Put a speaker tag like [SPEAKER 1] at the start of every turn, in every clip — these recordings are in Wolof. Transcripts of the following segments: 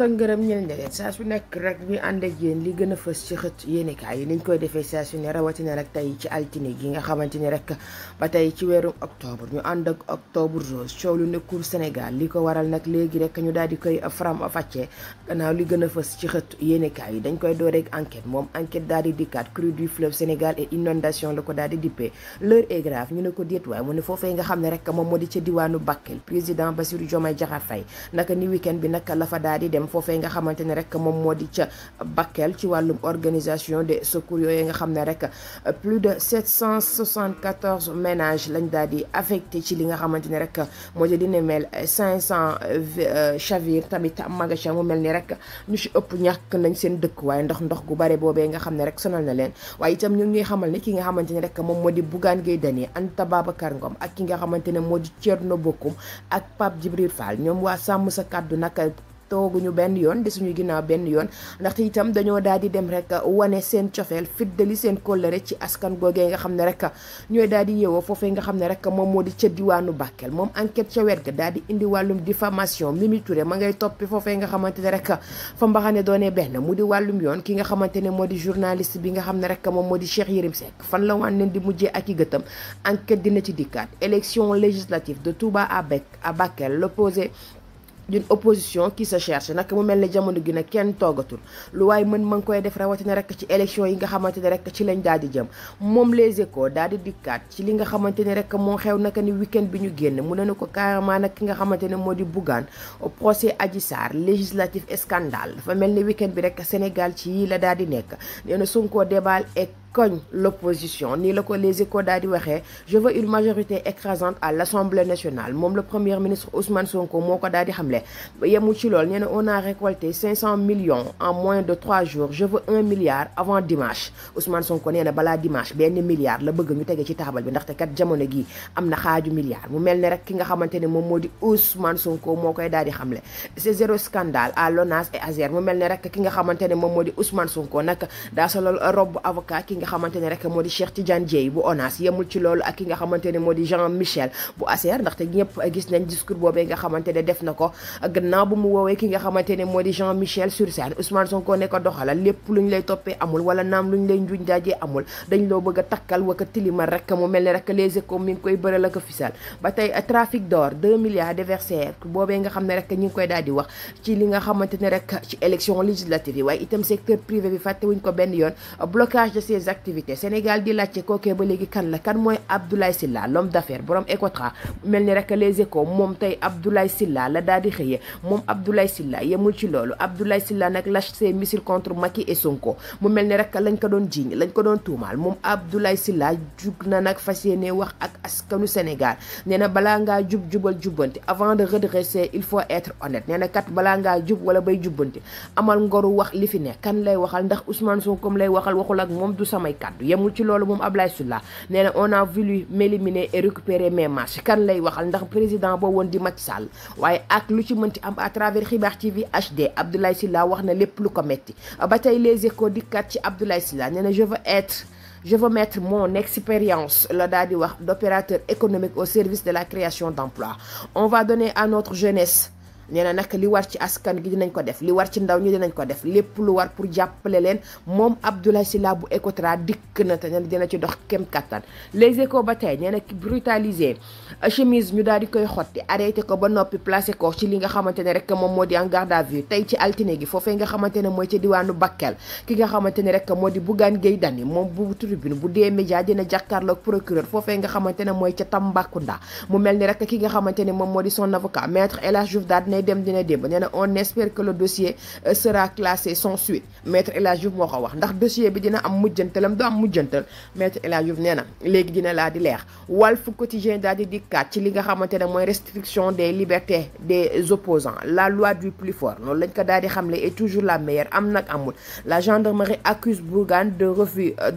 [SPEAKER 1] cant ak ngërëm ñeel na leen rek ñu yéen li gën a fës ci xët yéenekaay yi niñ koy defee saa su ne rawatina rek tey ci altine gi nga xamante ni rek ba tey ci weeru octobre ñu ànd ak octobre rose coow lu nekkul Sénégal li ko waral nag léegi rek ñu daal di koy faram fàccee gannaaw li gën a fës ci xët yenekaay yi dañ koy door rek enquête moom enquête daal di dikkaat crue du fleuve Sénégal et inondation la ko daal di dippee l'heure est grave ñu ne ko déet waaye mu ne foofee nga xam ne rek moom moo di ca diwaanu Bakel président Bassirou Diomaye Diakhar Faye naka ni week-end bi naka la fa daal di dem fofé nga xamante rek mom moo ci ca Bakel ci walum organisation des secours yo nga xamné rek plus de 774 ménages lañ daal affecté ci li nga xamante rek moo dina mel 500 euh, chavir tamit magasin mu melni rek ñu ci upp ñak nañ seen dëkkuwaay ndox ndox gu bari bobé nga xamné rek sonal na leen waaye itam ñu ngi xamal ni ki nga xamante rek mom moo di Bougane Gueye Anta Babacar Ngom ak ki nga xamante ne moo di ak Pape Djibril Fall ñom wa sam sa kàddu nak tooguñu benn yoon di suñu ginnaaw benn yoon ndaxte itam dañoo daal di dem rek wane seen cofeel fiddali seen kóllëre ci askan googee nga xam ne rek ñooy daal di yeewoo foofee nga xam ne rek moom moo di ca diwaanu Bakel moom enquête ca wet ga daal di indi wàllum diffamation Mimi ma ngay toppi foofee nga xamante ne rek fa mbaxane doonee benn mu di wàllum yoon ki nga xamante ne moo di journaliste bi nga xam ne rek moom moo di Cheikh Yérim Seck fan la waan leen di mujjee ak i gëtam enquête dina ci dikkaat élection législative de Touba à Bakel l'opposé d'une opposition qui se cherche nak mu melni jamono gi nag ken togatul lu way mën mang koy def ne rek ci election yi nga xamanteni rek ci lañ daal jëm les échos daal dikkat ci li nga xamanteni rek mo xew naka ni week bi ñu mu leen ko carrément nak ki nga xamanteni modi procès Adji législatif scandale dafa melni weekend bi rek Sénégal ci la nek sunko cogne l'opposition ni le les échos daal je veux une majorité écrasante à l'Assemblée nationale même le premier ministre Ousmane Sonko mon d'Adi Hamlet. di ci on a récolté 500 millions en moins de 3 jours je veux 1 milliard avant dimanche Ousmane Sonko n'est pas là dimanche bien milliard la bëgg ñu tege ci taabal bi ndaxte kat jamono gi am milliard mu mel ne rek ki nga xamante Ousmane Sonko mon d'Adi Hamlet. c'est zéro scandale à l'ONAS et à mu mel ne rek ki nga Ousmane Sonko nag daa solol robe avocat nga xamante ne rek moo di Cheikh Tidiane Dieye bu ONAS yemul ci loolu ak ki nga xamante ne moo di Jean Michel bu ACR ndaxte ñëpp gis nañ discours boobee nga xamante ne def na ko gannaaw bu mu woowee ki nga xamante ne moo di Jean Michel sur scène Ousmane Sonko ne ko doxalal lépp luñ lay toppee amul wala naam luñ lay njuñ daajee amul dañ loo bëgg a takkal waka tilimal rek mu mel ne rek les échos mi ngi koy bëral ak fisal ba tey trafic d'or 2 milliards de versets boobee nga xam ne rek ñi ngi koy daal di wax ci li nga xamante ne rek ci élection législative yi waaye itam secteur privé bi fàttewuñ ko benn yoon blocage de ces activités Sénégal di laajte kookee ba léegi kan la kan mooy Abdoulaye Sylla l'homme d'affaires borom Ecotra mel ni rek les échos moom tey Abdoulaye Sylla la daal di xëyee moom Abdoulaye Sylla yemul ci loolu Abdoulaye Sylla nag lâche ses missiles contre Macky et Sonko mu mel ni rek lañ ko doon jiiñ lañ ko doon tuumaal moom Abdoulaye Sylla jug na nag fas yéene wax ak askanu Sénégal nee na ngaa jub jubal jubbanti avant de redresser il faut être honnête nee na kat balaa ngaa li fi ne kan lay waxal ndax Ousmane Sonko samay kàddu yamul ci lolu mom Ablaye Sylla nee on a voulu m'éliminer et récupérer mes marches kan lay waxal ndax président bo won di Macky Sall waaye ak lu ci mënti am à travers Xibaar TV HD Abdoulaye Sylla wax na lépp lu ko metti batay les échos dikkaat ci Abdoulaye Sylla nee je veux être je veux mettre mon expérience la di wax d'opérateur économique au service de la création d'emplois on va donner à notre jeunesse nee na nag li war ci askan gi dinañ ko def li war ci ndaw ñi dinañ ko def lépp lu war pour jàppale leen moom Abdoulaye Sylla bu Ecotra dikk na te ne dina ci dox kem kattan les ko ba tey nee na ki brutalisé chemise ñu daal di koy xotti arrêté ko ba noppi placé ko ci li nga xamante ne rek moom moo di en garde à vue tey ci altine gi foofee nga xamante ne mooy ci diwaanu Bakel ki nga xamante ni rek moo di Bougane Gueye Dany moom bu tribune bu dee média dina nga xamante ne mooy ca Tambacounda mu mel ni rek ki xamante ne moom moo di son avocat maître dinay dem dina dem on espère que le dossier euh, sera classé sans suite maître et la ko wax ndax dossier bi dina am mujjantalam do am mujjantal maître El Hadj légui les dina la di leer Walf Quotidien dal di dikkat ci li nga xamantene moy restriction des libertés des opposants la loi du plus fort non lañ ko dal di xamlé est toujours la meilleure am nak amul la gendarmerie accuse Bougane de refus euh,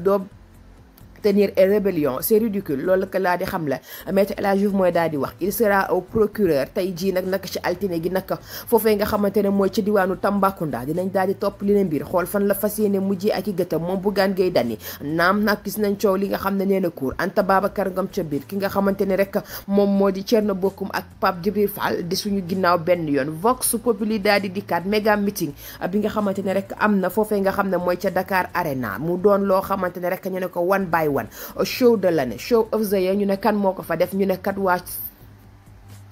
[SPEAKER 1] tenir une rébellion c'est ridicule loolu que laa di xam la maître El Hadj Diouf mooy daal di wax il sera au procureur tey jii nag nag ci altine gi nag foofee nga xamante ne mooy ci diwaanu Tambacounda dinañ daal di topp li ne mbir xool fan la fas yéene mujjee i gëtam moom Bougane Gueye Dany naam nag gis nañ coow li nga xam ne nee na cour Anta Babacar Ngom biir ki nga xamante ne rek moom moo di Thierno Bocoum ak Pape Djibril Fall di suñu ginnaaw benn yoon Vox Populi daal di dikkaat méga meeting bi nga xamante ne rek am na foofee nga xam ne mooy ca Dakar Arena mu doon loo xamante ne rek ñu ne ko one by one show the l'année show of the year ñu ne kan moo fa def ñu ne kat waa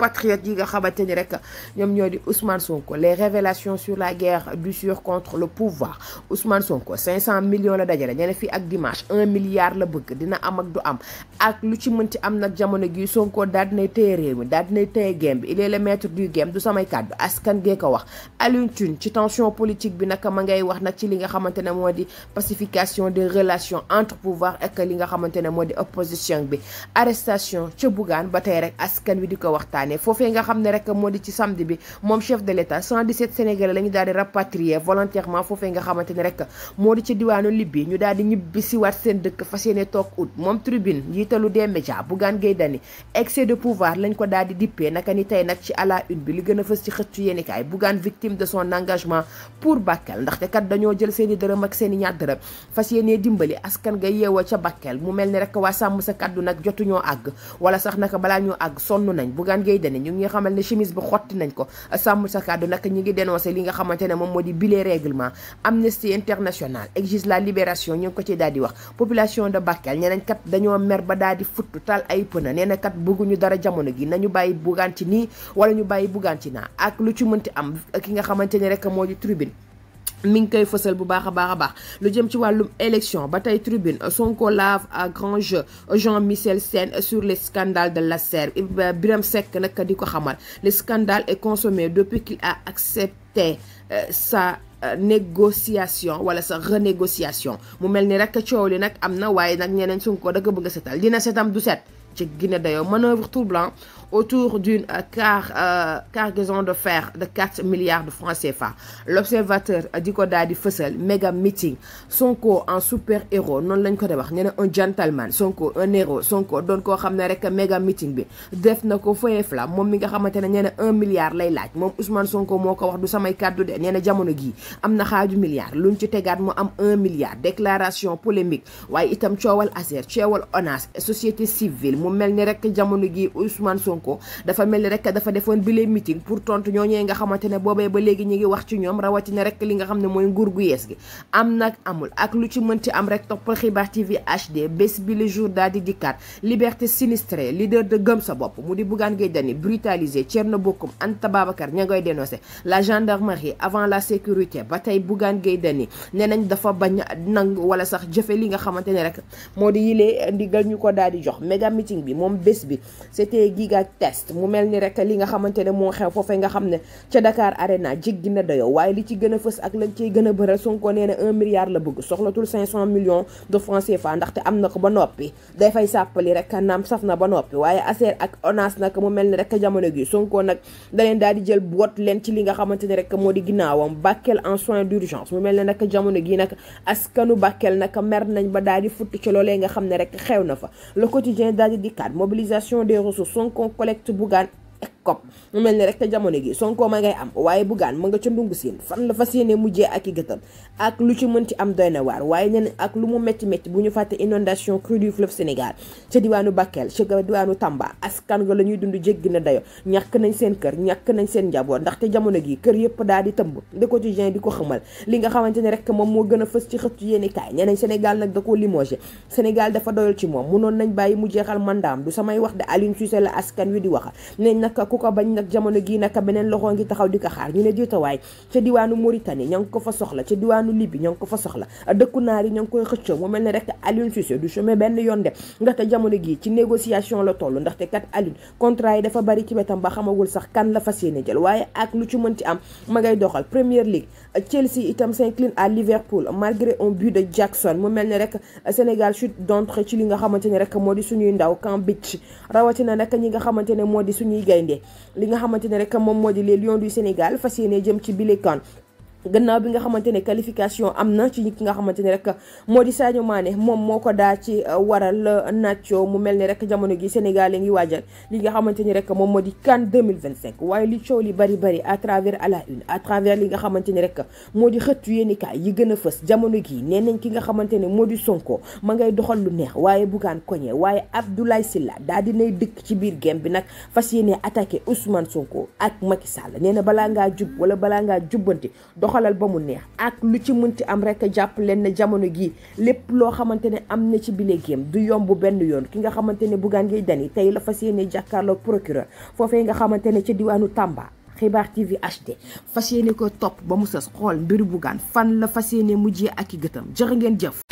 [SPEAKER 1] patriotes nga xamante di Ousmane Sonko les révélations sur la guerre du sur contre le pouvoir Ousmane Sonko 500 millions la dajale ñene fi ak dimanche 1 milliard la bëgg dina am ak du am ak lu ci am nak jamono gi Sonko dal dinay téye réew mi daal game il est le maître du game du samay cadre askan ge ko wax Alioune Tune ci tension politique bi nak ma ngay wax nak ci li nga modi pacification des relations entre pouvoir ak li nga xamante modi opposition bi arrestation ci Bougane batay rek askan wi di ko waxtaanee foofee nga xam ne rek moo di ci samedi bi moom chef de l'état 117 sénégalais la ñu daal di rapatrier volontairement foofee nga xamante ni rek moo di ci diwaanu Libye ñu daal di ñibbi siwaat seen dëkk fas yéene toog août moom tribune njiitalu des médias Bougane Gueye Dany excès de pouvoir lañ ko daal di dippee naka ni tey nag ci àlla la une bi li gën a fës ci xëttu yéenekaay Bougane victime de son engagement pour Bakel te kat dañoo jël seen dërëm ak seen i ñaar dërëm fas yéenee dimbali askan nga yeewoo ca Bakel mu mel ni rek waa sàmm sa kaddu nag jotuñoo àgg wala sax naka balaa ñoo àgg sonn nañ Bougane Gueye dane ñu ngi xamal ne chemise bu xotti nañ ko sàmm sa kàddu nag ñi ngi dénoncé li nga xamante ne moom moo di bile règlement Amnesty International exige la libération ñu ngi ko ci daal di wax population de Bakel ñeneen kat dañoo mer ba daal di futtu tal ay pëna nee na kat bëgguñu dara jamono gi nañu bàyyi bugaan ci nii wala ñu bàyyi bugaan ci naa ak lu ci mënti am ki nga xamante ne rek moo di tribune mi ngi koy fësal bu baax a baax lu jëm ci walum élection ba tribune Sonko lave à grand jeu Jean-Michel sen sur les scandales de la serre biram sec nak diko xamal le scandale est consommé depuis qu'il a accepté euh, sa euh, négociation wala sa renégociation mu melni rek coow li nag am na waaye ñeneen Sonko da ko bëgg a setal dina setam du set ci Guinée d'ailleurs, manœuvre tout blanc autour d'une euh, car euh, cargaison de fer de 4 milliards de francs CFA l'observateur a euh, ko daal di fësal méga meeting Sonko en super héros non lañ de un gentleman Sonko un héros Sonko don ko xam rek méga meeting bi def na ko foyeef la mom mi nga xamante un milliard lay a. mom Ousmane Sonko moo ko wax du samay kàddu de nee jamono am na milliard luñ ci am un milliard déclaration polémique way itam coowal ASER coowal ONAS société civile mu mel ni rek jamono gi Ousmane Sonko dafa mel ni rek dafa defoon bile meeting pour tontu ñëwee nga xamante ne boobee ba léegi ñu ngi wax ci ñoom rawatina rek li nga xam ne mooy nguur yees gi am nag amul ak lu ci mënti am rek toppal xibaar TV HD bés bi le jour daal di dikkaat liberté sinistré li de gëm sa bopp mu di Bougane Gueye Dany brutalisé na Bocoum Anta Babacar ña ngoy dénoncé la gendarmerie avant la sécurité ba tey Bougane Gueye Dany ne nañ dafa bañ nangu wala sax jëfe li nga xamante ne rek moo di yilee ndigal ko daal di meeting bi moom bés bi c'était giga test mu mel ni rek li nga xamante ne moo xew foofee nga xam ne ca Dakar Arena jéggi na dayoo waaye li ci gën a fës ak lañ ciy gën a bëral Sonko nee na un milliard la bëgg soxlatul 500 millions de francs CFA ndaxte am na ko ba noppi day fay sàppali rek naam saf na ba noppi waaye ASER ak ONAS nag mu mel ni rek jamono gi Sonko nag da leen daal di jël boot leen ci li nga xamante ne rek moo di ginnaawam Bakel en soins d'urgence mu mel ne nag jamono gi nag askanu Bakel nag mer nañ ba daal di futt ci loolee nga xam ne rek xew na mobilisation des ressources, qu'on collecte Bougan, COP mel ni rek te jamono gi Sonko ma ngay am waaye Bougane ma nga ca ndungu siin fan la fa yéene mujjee ak i gëtam ak lu ci mën ci am doy na waar waaye ñeneen ak lu mu métti métti bu ñu fàttee inondation crue du fleuve Sénégal ca diwaanu Bakel ca diwaanu Tamba askan ga la ñuy dund jéggi na dayo ñàkk nañ seen kër ñàkk nañ seen njaboot ndaxte jamono gi kër yëpp daal di tëmb de quotidien di ko xamal li nga xamante ne rek moom moo gën a fës ci xëttu yéeni kaay ñeneen Sénégal nag da koo limogé Sénégal dafa doyal ci moom munoon nañ bàyyi mu jeexal mandaam du samay wax de Aliou Cissé la askan wi di waxal nañ naka ku ko bañ nag jamono gi nag beneen loxo ngi taxaw di ko xaar ñu ne jiitawaay ca diwaanu Mauritanie ña ngi ko fa soxla ca diwaanu Libye ña ngi ko fa soxla dëkku naar yi ña ngi koy xëccoo mu mel ne rek Aliou Cissé du chemin benn yoon de ndaxte jamono gi ci négociation la toll ndaxte kat Aliou contrat yi dafa bari ci wetam ba xamagul sax kan la fas yéene jël waaye ak lu ci mën ci am ma ngay doxal Premier League Chelsea itam s'incline à Liverpool malgré un but de Jackson mu mel ne rek Sénégal chute d'entrée ci li nga xamante ne rek moo di suñuy ndaw Camp Beach rawatina nag ñi xamante ne moo di suñuy gaynde li nga xamante ne rek moom moo di les lions du Sénégal fas yéene jëm ci bile kan gannaaw bi nga xamante ne qualification am na ci ki nga xamante ne rek moo di Sadio Mané moom moo ko daa ci euh, waral euh, Nacho mu mel ni rek jamono gi Sénégal yi ngi waajal li nga xamante ni rek moom moo di CAN 2025 waaye li coow li bari bari à travers à la une à travers li nga xamante ni rek moo di xëttu yéenikaay yi gën a fës jamono gi nee nañ ki nga xamante ne moo di Sonko ma ngay doxal lu neex waaye Bougane koñe waaye Abdoulaye Sylla daal dinay dëkk ci biir game bi nag fas yéene attaqué Ousmane Sonko ak Macky Sall nee na balaa ngaa jub wala balaa ngaa jubbanti doxalal ba mu neex ak lu ci mënti am rek jàpp leen ne jamono gi lépp loo xamante ne am na ci bile géem du yomb benn yoon ki nga xamante ne Bougane Gueye Dany tey la fas yéene jàkkaarloog procureur foofee nga xamante ne ci diwaanu Tamba. Xibaar TV HD fas yéene ko topp ba mu sës xool mbiru Bougane fan la fas yéene mujjee ak i gëtam jërë ngeen jëf